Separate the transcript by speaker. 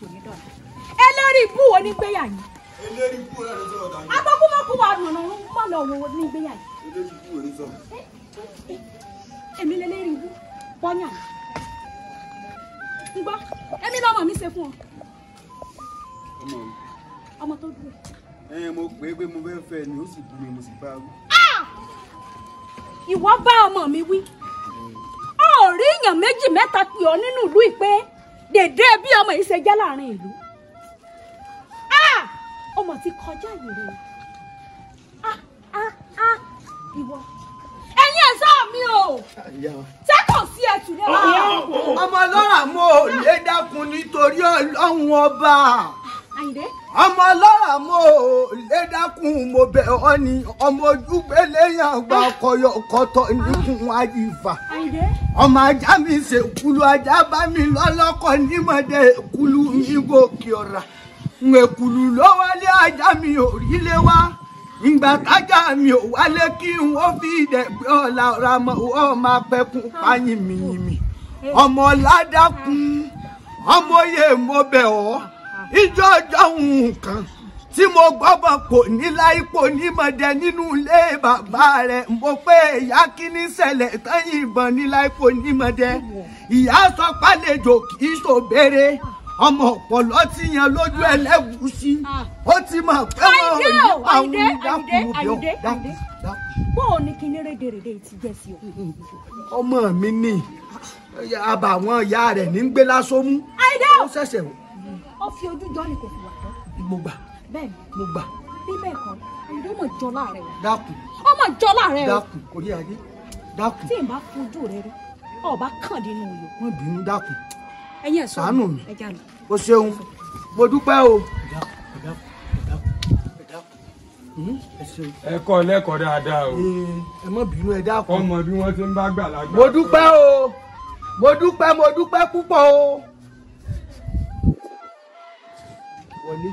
Speaker 1: kò ní dọ̀la
Speaker 2: eléri ibú wo ní gbéyà yín.
Speaker 1: eléri ibú wo ní sọ̀rọ̀ dání.
Speaker 2: abọ́kúmọ́kú wa nùnú mọ́ lọ wo ní gbéyà yín.
Speaker 1: eléri ibú wo ní sọ̀rọ̀.
Speaker 2: èmi lélẹ́rìí ibú pọ́nyà ń èmi lọ́mọ mi ṣe fún ọ. ọmọ mi. ọmọ tó dùn.
Speaker 1: ẹ mo pè é pé mo fẹ́ fẹ́ ni ó sì bú mi mo sì bá a wí.
Speaker 2: ìwọ bá ọmọ mi wí. ọ̀rí èèyàn méjì mẹ́ta pè ọ́ nínú ìlú ìpè dèdè bí ọmọ yìí ṣe jẹ́ láàrin ìlú ah! ọmọ ti kọjá yìí rẹ ah, ah, ìwọ ẹ̀yin ẹ̀ṣọ́ mi o ṣé kò sí ẹ̀tù lẹ́wọ̀n. ọmọ ọlọ́ràá mo ò lè
Speaker 1: dákun nítorí ọlọ́run ọba. Àyìndé. ọmọ ọlọ́rà mo lè dákun mo bẹ̀ ọ́ ni ọmọ ojúgbélé yàn gba kọyọkọtọ ọmọ ajá mi ṣe kulu ajá bá mi lọ́lọ́kọ̀ nímọ̀dé kulu mi gòkè ọ̀rà. ló wálé ajá mi ò rí lé wá ìgbà tájà mi ò wálé kí n fi ìdẹ̀gbẹ́ ọ̀la ọ̀ra mọ̀ ọ́ máa pààyàn ọmọ ọmọ yẹ mo bẹ̀ ọ́. ìjọ ọjọ́ nǹkan tí mo gbọ́bọ̀ kò ní láìpò nímọ̀dẹ nínú ilé bàbá rẹ̀ mo pé ìyá kíní ṣẹlẹ̀ tán ìbọn ní láìpò nímọ̀dẹ ìyá sọ pálejò kì í ṣòbéèrè ọmọ ọ̀pọ̀lọ́ ti yan lójú ẹlẹ́gùsí ó ti mọ̀ pé wọn ò ní àwọn ìdákùnrin bí ọ̀dà. bó o ní kí
Speaker 2: ní rédèrèdè ti jẹ
Speaker 1: sí o. ọmọ mi ni àbàwọn ìyá rẹ̀ ní ń gbé lásán mú. ó ṣẹ̀ṣẹ̀ wò
Speaker 2: ó fi ojú jọ ni kò fi wà tán.
Speaker 1: mo gbà. bẹ́ẹ̀ni mo gbà.
Speaker 2: bí bẹ́ẹ̀ kọ́ ẹni tó mọ̀ jọ láàrẹ̀ wa.
Speaker 1: dákun. ó mọ̀ jọ láàrẹ̀ wa. dákun orí ayé dákun. tí n bá fojú
Speaker 2: rẹ rí ọba kàn dé nínú yòó.
Speaker 1: wọn bínú dákun.
Speaker 2: ẹ̀yin ẹ sọ sànù mi
Speaker 1: o ṣeun mo dúpẹ́ o. ẹ kọ́ lẹ́kọ̀ọ́ dáadáa o. ẹ má bínú ẹ dákun. ọmọ bí wọ́n ti ń bá gbàlagbà. mo dúpẹ́ o mo dúpẹ́ mo dúpẹ́ púpọ̀ o. 我你。